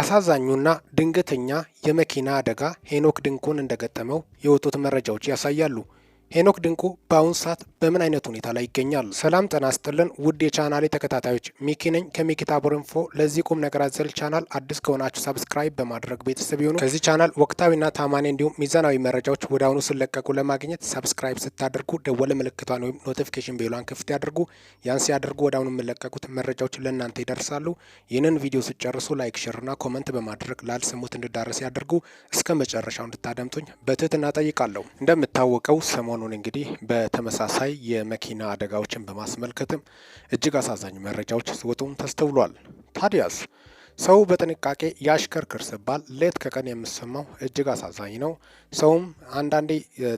አሳዛኙና ድንገተኛ የመኪና አደጋ ሄኖክ ድንኩን እንደገጠመው የወጡት መረጃዎች ያሳያሉ። ሄኖክ ድንቁ በአሁን ሰዓት በምን አይነት ሁኔታ ላይ ይገኛሉ? ሰላም ጠና ስጥልን ውድ የቻናሌ ተከታታዮች፣ ሚኪ ነኝ ከሚኪ ታቦር ኢንፎ። ለዚህ ቁም ነገር አዘል ቻናል አዲስ ከሆናችሁ ሰብስክራይብ በማድረግ ቤተሰብ ይሁኑ። ከዚህ ቻናል ወቅታዊና ታማኒ እንዲሁም ሚዛናዊ መረጃዎች ወደ አሁኑ ስለቀቁ ለማግኘት ሰብስክራይብ ስታደርጉ ደወለ ምልክቷን ወይም ኖቲፊኬሽን ቤሏን ክፍት ያድርጉ። ያን ሲያደርጉ ወደ አሁኑ የሚለቀቁት መረጃዎች ለእናንተ ይደርሳሉ። ይህንን ቪዲዮ ስጨርሱ ላይክ፣ ሼርና ኮመንት በማድረግ ላልሰሙት እንድዳረስ ያደርጉ። እስከ መጨረሻው እንድታደምጡኝ በትህትና ጠይቃለሁ። እንደምታወቀው ሰሞኑ ሰሞኑን እንግዲህ በተመሳሳይ የመኪና አደጋዎችን በማስመልከትም እጅግ አሳዛኝ መረጃዎች ሲወጡም ተስተውሏል። ታዲያስ ሰው በጥንቃቄ ያሽከርክር ስባል ሌት ከቀን የምሰማው እጅግ አሳዛኝ ነው። ሰውም አንዳንዴ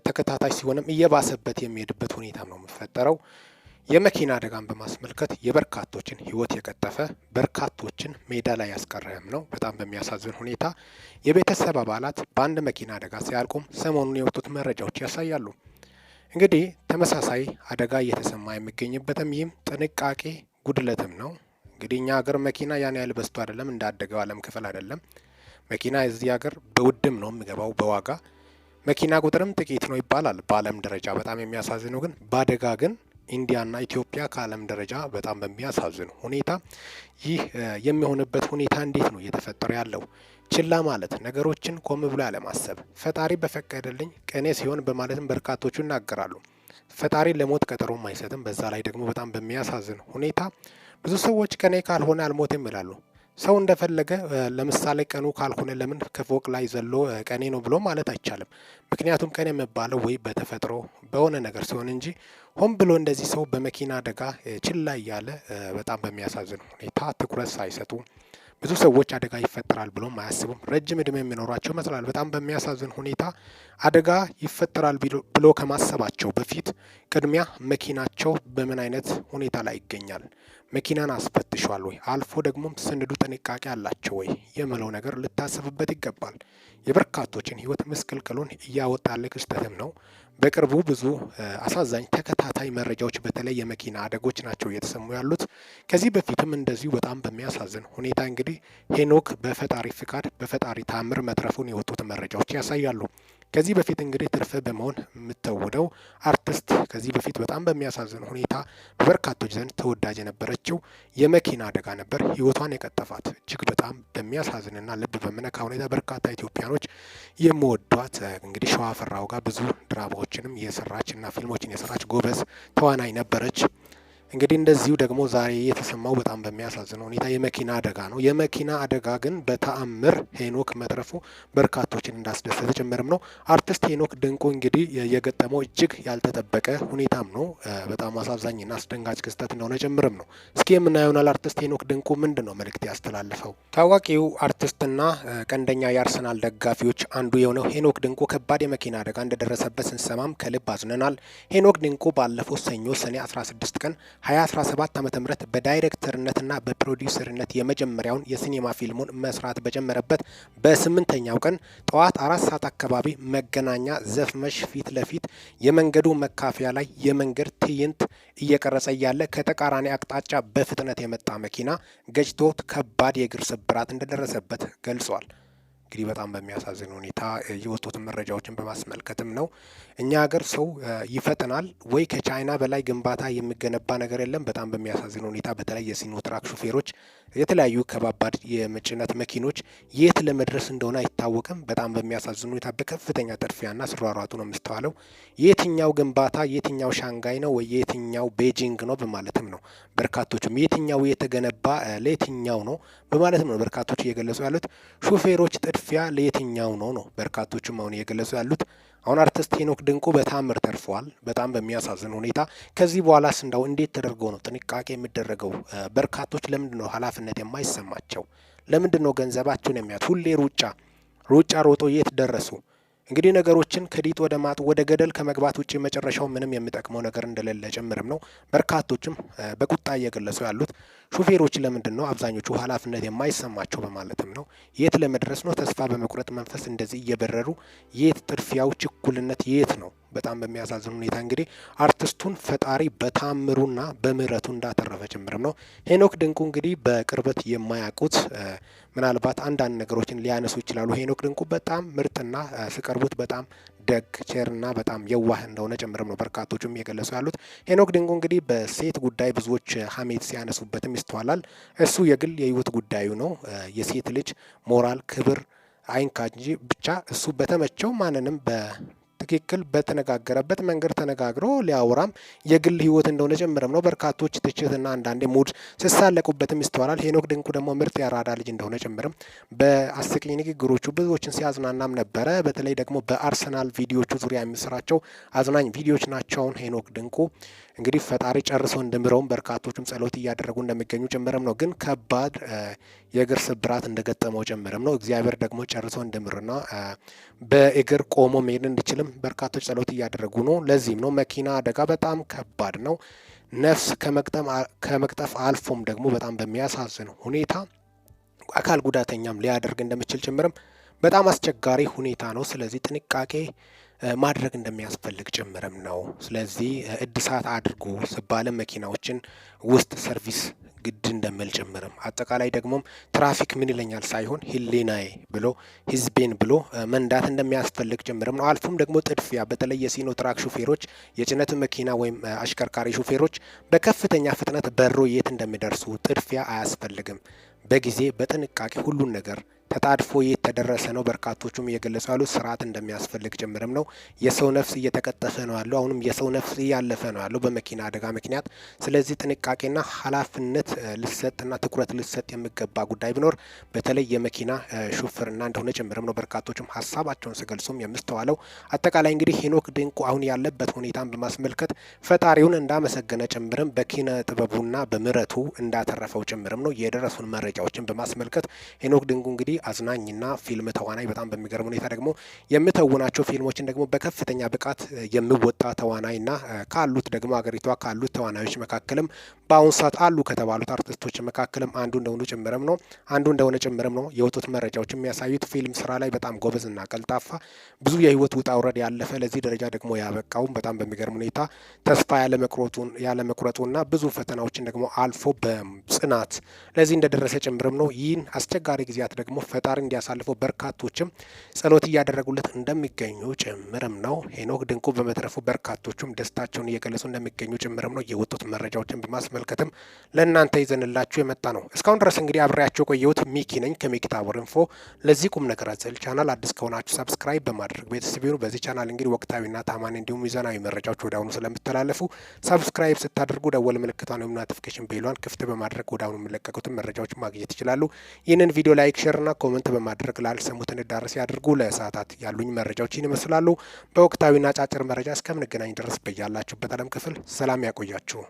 ተከታታይ ሲሆንም እየባሰበት የሚሄድበት ሁኔታ ነው የሚፈጠረው። የመኪና አደጋን በማስመልከት የበርካቶችን ህይወት የቀጠፈ በርካቶችን ሜዳ ላይ ያስቀረም ነው። በጣም በሚያሳዝን ሁኔታ የቤተሰብ አባላት በአንድ መኪና አደጋ ሲያልቁም ሰሞኑን የወጡት መረጃዎች ያሳያሉ። እንግዲህ ተመሳሳይ አደጋ እየተሰማ የሚገኝበትም ይህም ጥንቃቄ ጉድለትም ነው። እንግዲህ እኛ ሀገር መኪና ያን ያህል በስቶ አይደለም፣ እንዳደገው ዓለም ክፍል አይደለም። መኪና እዚህ ሀገር በውድም ነው የሚገባው በዋጋ መኪና ቁጥርም ጥቂት ነው ይባላል በዓለም ደረጃ። በጣም የሚያሳዝነው ግን በአደጋ ግን ኢንዲያና ኢትዮጵያ ከዓለም ደረጃ በጣም በሚያሳዝን ሁኔታ ይህ የሚሆንበት ሁኔታ እንዴት ነው እየተፈጠረ ያለው? ችላ ማለት፣ ነገሮችን ቆም ብሎ ያለማሰብ፣ ፈጣሪ በፈቀደልኝ ቀኔ ሲሆን በማለትም በርካቶቹ ይናገራሉ። ፈጣሪ ለሞት ቀጠሮም አይሰጥም። በዛ ላይ ደግሞ በጣም በሚያሳዝን ሁኔታ ብዙ ሰዎች ቀኔ ካልሆነ አልሞትም ይላሉ። ሰው እንደፈለገ ለምሳሌ ቀኑ ካልሆነ ለምን ከፎቅ ላይ ዘሎ ቀኔ ነው ብሎ ማለት አይቻልም። ምክንያቱም ቀን የሚባለው ወይ በተፈጥሮ በሆነ ነገር ሲሆን እንጂ ሆን ብሎ እንደዚህ ሰው በመኪና አደጋ ችላ እያለ በጣም በሚያሳዝን ሁኔታ ትኩረት ሳይሰጡ ብዙ ሰዎች አደጋ ይፈጠራል ብሎም አያስቡም። ረጅም እድሜ የሚኖሯቸው ይመስላል። በጣም በሚያሳዝን ሁኔታ አደጋ ይፈጠራል ብሎ ከማሰባቸው በፊት ቅድሚያ መኪናቸው በምን አይነት ሁኔታ ላይ ይገኛል፣ መኪናን አስፈትሿል ወይ? አልፎ ደግሞም ሰነዱ ጥንቃቄ አላቸው ወይ የምለው ነገር ልታሰብበት ይገባል። የበርካቶችን ህይወት ምስቅልቅሉን እያወጣለ ክስተትም ነው። በቅርቡ ብዙ አሳዛኝ ተከታታይ መረጃዎች በተለይ የመኪና አደጎች ናቸው እየተሰሙ ያሉት። ከዚህ በፊትም እንደዚሁ በጣም በሚያሳዝን ሁኔታ እንግዲህ ሄኖክ በፈጣሪ ፍቃድ በፈጣሪ ታምር መትረፉን የወጡት መረጃዎች ያሳያሉ። ከዚህ በፊት እንግዲህ ትርፍ በመሆን የምትወደው አርቲስት ከዚህ በፊት በጣም በሚያሳዝን ሁኔታ በበርካቶች ዘንድ ተወዳጅ የነበረችው የመኪና አደጋ ነበር ህይወቷን የቀጠፋት። እጅግ በጣም በሚያሳዝንና ልብ በምነካ ሁኔታ በርካታ ኢትዮጵያኖች የምወዷት እንግዲህ ሸዋፈራሁ ጋር ብዙ ድራማዎችንም የሰራች እና ፊልሞችን የሰራች ጎበዝ ተዋናይ ነበረች። እንግዲህ እንደዚሁ ደግሞ ዛሬ የተሰማው በጣም በሚያሳዝነው ሁኔታ የመኪና አደጋ ነው። የመኪና አደጋ ግን በተአምር ሄኖክ መትረፉ በርካቶችን እንዳስደሰተ ጭምርም ነው። አርቲስት ሄኖክ ድንቁ እንግዲህ የገጠመው እጅግ ያልተጠበቀ ሁኔታም ነው። በጣም አሳዛኝና አስደንጋጭ ክስተት እንደሆነ ጭምርም ነው። እስኪ የምናየሆናል። አርቲስት ሄኖክ ድንቁ ምንድን ነው መልእክት ያስተላልፈው? ታዋቂው አርቲስትና ቀንደኛ የአርሰናል ደጋፊዎች አንዱ የሆነው ሄኖክ ድንቁ ከባድ የመኪና አደጋ እንደደረሰበት ስንሰማም ከልብ አዝነናል። ሄኖክ ድንቁ ባለፈው ሰኞ ሰኔ 16 ቀን 2017 ዓ ም በዳይሬክተርነትና በፕሮዲውሰርነት የመጀመሪያውን የሲኔማ ፊልሙን መስራት በጀመረበት በስምንተኛው ቀን ጠዋት አራት ሰዓት አካባቢ መገናኛ ዘፍመሽ ፊት ለፊት የመንገዱ መካፈያ ላይ የመንገድ ትዕይንት እየቀረጸ እያለ ከተቃራኒ አቅጣጫ በፍጥነት የመጣ መኪና ገጭቶት ከባድ የእግር ስብራት እንደደረሰበት ገልጿል። እንግዲህ በጣም በሚያሳዝን ሁኔታ የወጡትን መረጃዎችን በማስመልከትም ነው። እኛ ሀገር ሰው ይፈጥናል ወይ ከቻይና በላይ ግንባታ የሚገነባ ነገር የለም። በጣም በሚያሳዝን ሁኔታ በተለይ የሲኖትራክ ሹፌሮች የተለያዩ ከባባድ የጭነት መኪኖች የት ለመድረስ እንደሆነ አይታወቅም። በጣም በሚያሳዝን ሁኔታ በከፍተኛ ጥድፊያና ስሯሯጡ ነው የምስተዋለው። የትኛው ግንባታ የትኛው ሻንጋይ ነው ወይ የትኛው ቤጂንግ ነው በማለትም ነው በርካቶቹም የትኛው የተገነባ ለየትኛው ነው በማለትም ነው በርካቶች እየገለጹ ያሉት። ሹፌሮች ጥድፊያ ለየትኛው ነው ነው በርካቶቹም አሁን እየገለጹ ያሉት። አሁን አርቲስት ሄኖክ ድንቁ በታምር ተርፏል። በጣም በሚያሳዝን ሁኔታ። ከዚህ በኋላ ስንዳው እንዴት ተደርገው ነው ጥንቃቄ የሚደረገው? በርካቶች ለምንድን ነው ኃላፊነት የማይሰማቸው? ለምንድን ነው ገንዘባቸውን የሚያት ሁሌ ሩጫ ሩጫ ሮጦ የት ደረሱ? እንግዲህ ነገሮችን ከዲጥ ወደ ማጥ ወደ ገደል ከመግባት ውጭ መጨረሻው ምንም የሚጠቅመው ነገር እንደሌለ ጭምርም ነው። በርካቶችም በቁጣ እየገለጹ ያሉት ሹፌሮች ለምንድን ነው አብዛኞቹ ኃላፊነት የማይሰማቸው በማለትም ነው። የት ለመድረስ ነው? ተስፋ በመቁረጥ መንፈስ እንደዚህ እየበረሩ የት ጥድፊያው፣ ችኩልነት የት ነው? በጣም በሚያሳዝን ሁኔታ እንግዲህ አርቲስቱን ፈጣሪ በታምሩና በምረቱ እንዳተረፈ ጭምርም ነው። ሄኖክ ድንቁ እንግዲህ በቅርበት የማያውቁት ምናልባት አንዳንድ ነገሮችን ሊያነሱ ይችላሉ። ሄኖክ ድንቁ በጣም ምርጥና ሲቀርቡት በጣም ደግ ቸርና በጣም የዋህ እንደሆነ ጭምርም ነው በርካቶቹም እየገለጹ ያሉት። ሄኖክ ድንቁ እንግዲህ በሴት ጉዳይ ብዙዎች ሀሜት ሲያነሱበትም ይስተዋላል። እሱ የግል የህይወት ጉዳዩ ነው። የሴት ልጅ ሞራል ክብር አይንካ እንጂ ብቻ እሱ በተመቸው ማንንም ትክክል በተነጋገረበት መንገድ ተነጋግሮ ሊያወራም የግል ህይወት እንደሆነ ጭምርም ነው። በርካቶች ትችትና አንዳንዴ ሙድ ስሳለቁበትም ይስተዋላል። ሄኖክ ድንቁ ደግሞ ምርጥ ያራዳ ልጅ እንደሆነ ጭምርም በአስቂኝ ንግግሮቹ ብዙዎችን ሲያዝናናም ነበረ። በተለይ ደግሞ በአርሰናል ቪዲዮቹ ዙሪያ የሚሰራቸው አዝናኝ ቪዲዮዎች ናቸውን ሄኖክ ድንቁ እንግዲህ ፈጣሪ ጨርሶ እንድምረውም በርካቶችም ጸሎት እያደረጉ እንደሚገኙ ጭምርም ነው። ግን ከባድ የእግር ስብራት እንደገጠመው ጭምርም ነው። እግዚአብሔር ደግሞ ጨርሶ እንደምርና በእግር ቆሞ መሄድ እንዲችልም በርካቶች ጸሎት እያደረጉ ነው። ለዚህም ነው መኪና አደጋ በጣም ከባድ ነው። ነፍስ ከመቅጠፍ አልፎም ደግሞ በጣም በሚያሳዝን ሁኔታ አካል ጉዳተኛም ሊያደርግ እንደሚችል ጭምርም በጣም አስቸጋሪ ሁኔታ ነው። ስለዚህ ጥንቃቄ ማድረግ እንደሚያስፈልግ ጭምርም ነው። ስለዚህ እድሳት አድርጉ ስባለ መኪናዎችን ውስጥ ሰርቪስ ግድ እንደምል ጭምርም አጠቃላይ ደግሞም ትራፊክ ምን ይለኛል ሳይሆን ሕሊናዬ ብሎ ህዝቤን ብሎ መንዳት እንደሚያስፈልግ ጭምርም ነው። አልፎም ደግሞ ጥድፊያ፣ በተለይ የሲኖ ትራክ ሹፌሮች፣ የጭነት መኪና ወይም አሽከርካሪ ሹፌሮች በከፍተኛ ፍጥነት በሮ የት እንደሚደርሱ ጥድፊያ አያስፈልግም። በጊዜ በጥንቃቄ ሁሉን ነገር ተጣድፎ የት ተደረሰ ነው በርካቶቹም እየገለጹ ያሉት። ስርዓት እንደሚያስፈልግ ጭምርም ነው። የሰው ነፍስ እየተቀጠፈ ነው ያለው። አሁንም የሰው ነፍስ እያለፈ ነው ያለው በመኪና አደጋ ምክንያት። ስለዚህ ጥንቃቄና ኃላፊነት ልሰጥና ትኩረት ልሰጥ የሚገባ ጉዳይ ቢኖር በተለይ የመኪና ሹፍርና እንደሆነ ጭምርም ነው። በርካቶቹም ሀሳባቸውን ሲገልጹም የምስተዋለው አጠቃላይ እንግዲህ ሄኖክ ድንቁ አሁን ያለበት ሁኔታን በማስመልከት ፈጣሪውን እንዳመሰገነ ጭምርም በኪነ ጥበቡና በምረቱ እንዳተረፈው ጭምርም ነው የደረሱን መረጃዎችን በማስመልከት ሄኖክ ድንቁ እንግዲህ አዝናኝና ፊልም ተዋናይ በጣም በሚገርም ሁኔታ ደግሞ የምተውናቸው ፊልሞችን ደግሞ በከፍተኛ ብቃት የምወጣ ተዋናይና ካሉት ደግሞ አገሪቷ ካሉት ተዋናዮች መካከልም በአሁኑ ሰዓት አሉ ከተባሉት አርቲስቶች መካከልም አንዱ እንደሆኑ ጭምርም ነው አንዱ እንደሆነ ጭምርም ነው የወጡት መረጃዎች የሚያሳዩት ፊልም ስራ ላይ በጣም ጎበዝና ቀልጣፋ ብዙ የህይወት ውጣ ውረድ ያለፈ ለዚህ ደረጃ ደግሞ ያበቃውም በጣም በሚገርም ሁኔታ ተስፋ ያለመቁረጡና ብዙ ፈተናዎችን ደግሞ አልፎ በጽናት ለዚህ እንደደረሰ ጭምርም ነው። ይህን አስቸጋሪ ጊዜያት ደግሞ ፈጣሪ እንዲያሳልፈው በርካቶችም ጸሎት እያደረጉለት እንደሚገኙ ጭምርም ነው። ሄኖክ ድንቁ በመትረፉ በርካቶቹም ደስታቸውን እየገለጹ እንደሚገኙ ጭምርም ነው። የወጡት መረጃዎችን በማስመልከትም ለእናንተ ይዘንላችሁ የመጣ ነው። እስካሁን ድረስ እንግዲህ አብሬያቸው ቆየሁት። ሚኪ ነኝ ከሚኪ ታቦር ኢንፎ። ለዚህ ቁም ነገር አዘል ቻናል አዲስ ከሆናችሁ ሰብስክራይብ በማድረግ ቤተሰብ ይሁኑ። በዚህ ቻናል እንግዲህ ወቅታዊና ታማኝ እንዲሁም ሚዛናዊ መረጃዎች ወደ አሁኑ ስለሚተላለፉ ሰብስክራይብ ስታደርጉ ደወል ምልክቷን ወይም ኖቲፊኬሽን ቤሏን ክፍት በማድረግ ወደ አሁኑ የሚለቀቁትን መረጃዎች ማግኘት ይችላሉ። ይህንን ቪዲዮ ላይክ፣ ሼርና ኮመንት በማድረግ ላልሰሙት እንዳረስ ያድርጉ። ለሰዓታት ያሉኝ መረጃዎችን ይመስላሉ። በወቅታዊና ጫጭር መረጃ እስከምንገናኝ ድረስ በያላችሁበት ዓለም ክፍል ሰላም ያቆያችሁ።